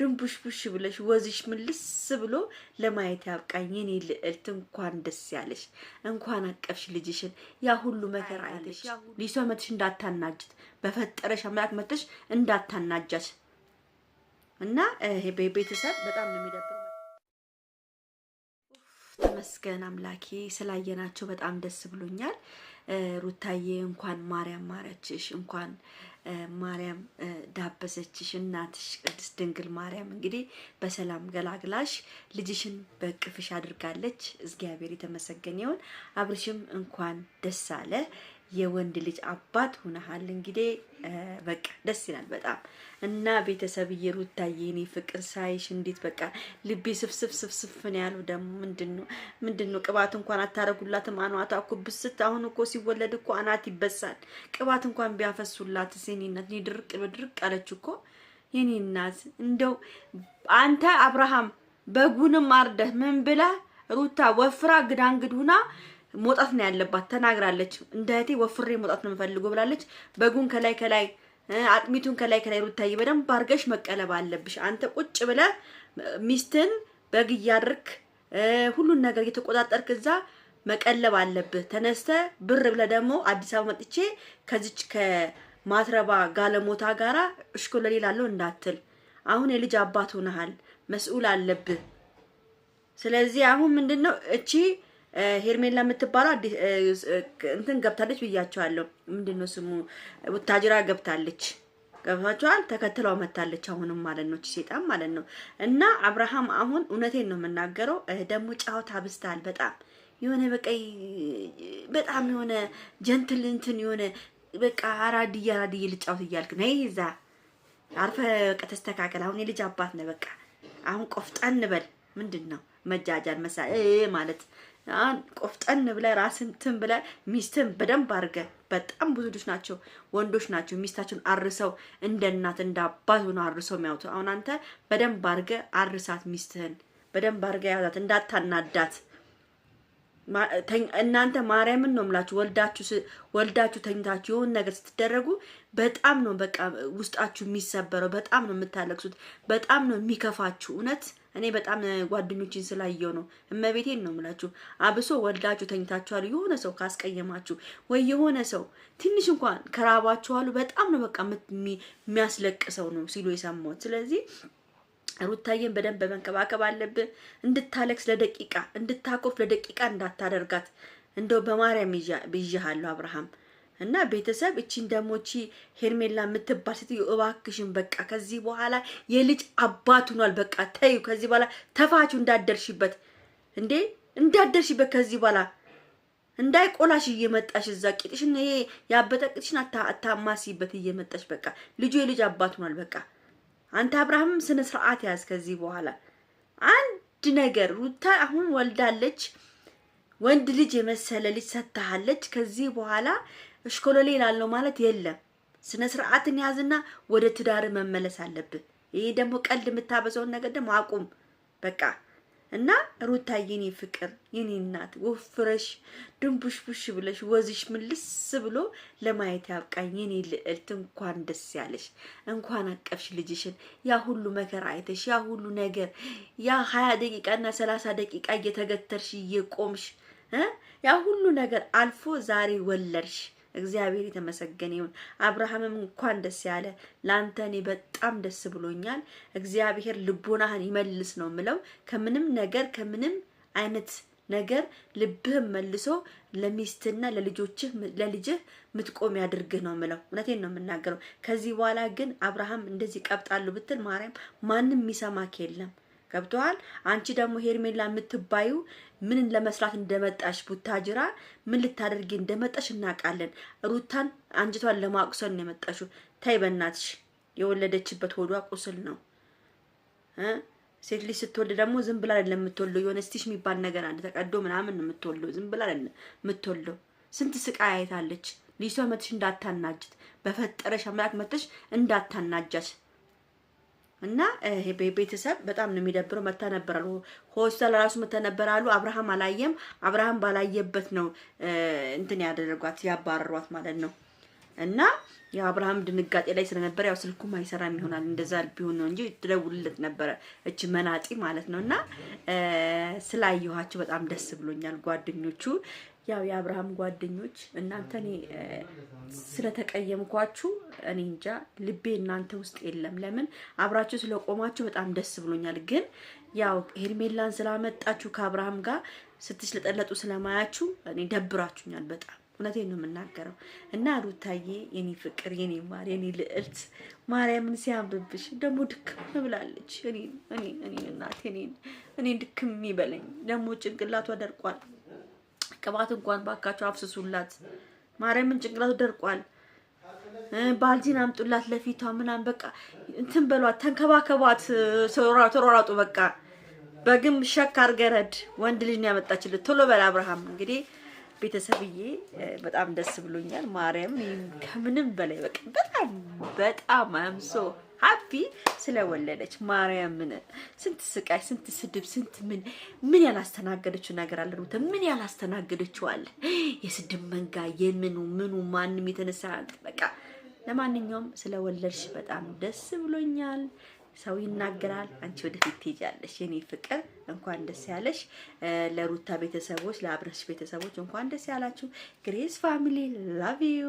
ድንቡሽቡሽ ብለሽ ወዝሽ ምልስ ብሎ ለማየት ያብቃኝ የኔ ልዕልት። እንኳን ደስ ያለሽ፣ እንኳን አቀፍሽ ልጅሽን። ያ ሁሉ መከራ አይተሽ ልጅቷ መጥሽ እንዳታናጅት፣ በፈጠረሽ አምላክ መጥሽ እንዳታናጃች እና ቤተሰብ በጣም ነው የሚደብረው። ተመስገን አምላኬ ስላየናቸው በጣም ደስ ብሎኛል። ሩታዬ እንኳን ማርያም ማረችሽ፣ እንኳን ማርያም ዳበሰችሽ፣ እናትሽ ቅድስት ድንግል ማርያም እንግዲህ በሰላም ገላግላሽ ልጅሽን በቅፍሽ አድርጋለች። እግዚአብሔር የተመሰገነ ይሁን። አብርሽም እንኳን ደስ አለ። የወንድ ልጅ አባት ሆነሃል። እንግዲህ በቃ ደስ ይላል በጣም እና ቤተሰብ እየሩታ የኔ ፍቅር ሳይሽ እንዴት በቃ ልቤ ስፍስፍ ስፍስፍ ነው ያሉ። ደግሞ ምንድነው ምንድነው ቅባት እንኳን አታረጉላትም። አኗታ እኮ ብስት አሁን እኮ ሲወለድ እኮ አናት ይበሳል። ቅባት እንኳን ቢያፈሱላት ሴኔናት እኔ ድርቅ አለች እኮ የኔ እናት። እንደው አንተ አብርሃም በጉንም አርደህ ምን ብላ ሩታ ወፍራ ግዳንግድ ሁና መውጣት ነው ያለባት ተናግራለች። እንደ እህቴ ወፍሬ መውጣት ነው የምፈልገው ብላለች። በጉን ከላይ ከላይ አጥሚቱን ከላይ ከላይ ሩታዬ በደንብ አድርገሽ መቀለብ አለብሽ። አንተ ቁጭ ብለ ሚስትን በግ እያድርክ ሁሉን ነገር እየተቆጣጠርክ እዛ መቀለብ አለብህ። ተነስተ ብር ብለ ደግሞ አዲስ አበባ መጥቼ ከዚች ከማትረባ ጋለሞታ ጋራ እሽኮ ለሌላለው እንዳትል። አሁን የልጅ አባት ሆነሃል፣ መስኡል አለብህ። ስለዚህ አሁን ምንድን ነው እቺ ሄርሜላ የምትባለው እንትን ገብታለች ብያቸዋለሁ። ምንድን ነው ስሙ? ቡታጅራ ገብታለች። ገብታችኋል? ተከትለው መታለች። አሁንም ማለት ነው ሴጣን ማለት ነው። እና አብርሃም አሁን እውነቴን ነው የምናገረው፣ ደግሞ ጫወታ አብዝተሃል በጣም የሆነ በቀይ በጣም የሆነ ጀንትል እንትን የሆነ በቃ አራድዬ አራድዬ ልጫወት እያልክ ነይ ይዛ አርፈ በቃ ተስተካከል። አሁን የልጅ አባት ነህ። በቃ አሁን ቆፍጠን በል። ምንድን ነው መጃጃል መሳ ማለት ቆፍጠን ብለ ራስን ትን ብለ ሚስትን በደንብ አድርገ በጣም ብዙ ልጆች ናቸው ወንዶች ናቸው ሚስታቸውን አርሰው እንደ እናት እንደ አባት ሆነ አርሰው የሚያውቱ። አሁን አንተ በደንብ አድርገ አርሳት ሚስትህን በደንብ አድርገ ያዛት፣ እንዳታናዳት። እናንተ ማርያምን ነው የምላችሁ፣ ወልዳችሁ ወልዳችሁ ተኝታችሁ የሆን ነገር ስትደረጉ በጣም ነው በቃ ውስጣችሁ የሚሰበረው፣ በጣም ነው የምታለቅሱት፣ በጣም ነው የሚከፋችሁ እውነት እኔ በጣም ጓደኞችን ስላየው ነው። እመቤቴን ነው የምላችሁ። አብሶ ወልዳችሁ ተኝታችኋል። የሆነ ሰው ካስቀየማችሁ ወይ የሆነ ሰው ትንሽ እንኳን ከራባችኋሉ በጣም ነው በቃ የሚያስለቅሰው ነው ሲሉ የሰማሁት። ስለዚህ ሩታዬን በደንብ መንከባከብ አለብህ። እንድታለቅስ ለደቂቃ እንድታኮፍ ለደቂቃ እንዳታደርጋት። እንደው በማርያም ይዣሃለሁ አብርሃም እና ቤተሰብ እቺን ደሞቺ ሄርሜላ የምትባል ሴትዮ እባክሽን በቃ ከዚህ በኋላ የልጅ አባት ሆኗል። በቃ ተዩ። ከዚህ በኋላ ተፋችሁ እንዳደርሽበት እንዴ እንዳደርሽበት ከዚህ በኋላ እንዳይቆላሽ እየመጣሽ እዛ ቂጥሽን ይሄ ያበጠ ቂጥሽን አታማሲበት እየመጣሽ በቃ ልጁ የልጅ አባት ሆኗል። በቃ አንተ አብርሃምም ስነ ስርዓት ያዝ ከዚህ በኋላ አንድ ነገር ሩታ አሁን ወልዳለች። ወንድ ልጅ የመሰለ ልጅ ሰጥታሃለች። ከዚህ በኋላ እሽኮሎሌ ላለው ማለት የለም። ስነ ስርዓትን ያዝና ወደ ትዳር መመለስ አለብን። ይሄ ደግሞ ቀልድ የምታበዛውን ነገር ደግሞ አቁም በቃ። እና ሩታ የኔ ፍቅር የኔ እናት ወፍረሽ ድንቡሽቡሽ ብለሽ ወዝሽ ምልስ ብሎ ለማየት ያብቃኝ የኔ ልዕልት። እንኳን ደስ ያለሽ፣ እንኳን አቀፍሽ ልጅሽን። ያ ሁሉ መከራ አይተሽ፣ ያ ሁሉ ነገር ያ ሀያ ደቂቃና ሰላሳ ደቂቃ እየተገተርሽ እየቆምሽ ያ ሁሉ ነገር አልፎ ዛሬ ወለድሽ። እግዚአብሔር የተመሰገነ ይሁን። አብርሃምም እንኳን ደስ ያለ ላንተ፣ እኔ በጣም ደስ ብሎኛል። እግዚአብሔር ልቦናህን ይመልስ ነው ምለው። ከምንም ነገር ከምንም አይነት ነገር ልብህም መልሶ ለሚስትና ለልጆችህ ለልጅህ ምትቆም ያድርግህ ነው ምለው። እውነቴን ነው የምናገረው። ከዚህ በኋላ ግን አብርሃም እንደዚህ ቀብጣሉ ብትል ማርያም ማንም የሚሰማክ የለም። ገብተዋል። አንቺ ደግሞ ሄርሜላ የምትባዩ ምንን ለመስራት እንደመጣሽ ቡታጅራ ምን ልታደርጊ እንደመጣሽ እናውቃለን። ሩታን አንጅቷን ለማቁሰል ነው የመጣሽው። ተይ በእናትሽ፣ የወለደችበት ሆዷ ቁስል ነው። ሴት ልጅ ስትወልድ ደግሞ ዝም ብላ አይደለም የምትወልደው። የሆነ ስቲሽ የሚባል ነገር አለ ተቀዶ ምናምን ነው የምትወልደው። ዝም ብላ አይደለም የምትወልደው። ስንት ስቃይ አይታለች። ልጅቷ መጥሽ እንዳታናጅት፣ በፈጠረሽ አምላክ መጥሽ እንዳታናጃት። እና ቤተሰብ በጣም ነው የሚደብረው። መታ ነበራሉ ሆስፒታል ራሱ መታ ነበራሉ። አብርሃም አላየም። አብርሃም ባላየበት ነው እንትን ያደረጓት ያባረሯት ማለት ነው። እና የአብርሃም ድንጋጤ ላይ ስለነበረ ያው ስልኩም አይሰራም ይሆናል። እንደዛ ቢሆን ነው እንጂ ትደውልለት ነበረ እች መናጢ ማለት ነው። እና ስላየኋቸው በጣም ደስ ብሎኛል። ጓደኞቹ ያው የአብርሃም ጓደኞች እናንተ እኔ ስለተቀየምኳችሁ እኔ እንጃ ልቤ እናንተ ውስጥ የለም። ለምን አብራችሁ ስለቆማችሁ በጣም ደስ ብሎኛል። ግን ያው ሄርሜላን ስላመጣችሁ ከአብርሃም ጋር ስትሽለጠለጡ ስለማያችሁ እኔ ደብራችሁኛል በጣም እውነቴ ነው የምናገረው። እና ሩታዬ የኔ ፍቅር፣ የኔ ማር፣ የኔ ልዕልት ማርያምን ሲያምብብሽ ደግሞ ድክም ብላለች። እኔን እኔን ድክም ይበለኝ። ደግሞ ጭንቅላቷ ደርቋል። ቅባት እንኳን ባካቸው አፍስሱላት። ማርያምን ጭንቅላቱ ደርቋል። ባልዚን አምጡላት ለፊቷ ምናምን በቃ እንትን በሏት፣ ተንከባከቧት። ተሯሯጡ በቃ በግም ሸካር ገረድ ወንድ ልጅ ነው ያመጣችልት። ቶሎ በላ አብርሃም እንግዲህ ቤተሰብዬ በጣም ደስ ብሎኛል። ማርያም ከምንም በላይ በቃ በጣም በጣም አምሶ ሀፒ ስለወለደች ማርያምን ስንት ስቃይ፣ ስንት ስድብ፣ ስንት ምን ምን ያላስተናገደችው ነገር አለ። ሩት ምን ያላስተናገደችው አለ። የስድብ መንጋ የምኑ ምኑ ማንም የተነሳ በቃ ለማንኛውም ስለወለድሽ በጣም ደስ ብሎኛል። ሰው ይናገራል። አንቺ ወደፊት ትሄጃለሽ። የኔ ፍቅር እንኳን ደስ ያለሽ። ለሩታ ቤተሰቦች፣ ለአብረሽ ቤተሰቦች እንኳን ደስ ያላችሁ። ግሬስ ፋሚሊ ላቭ ዩ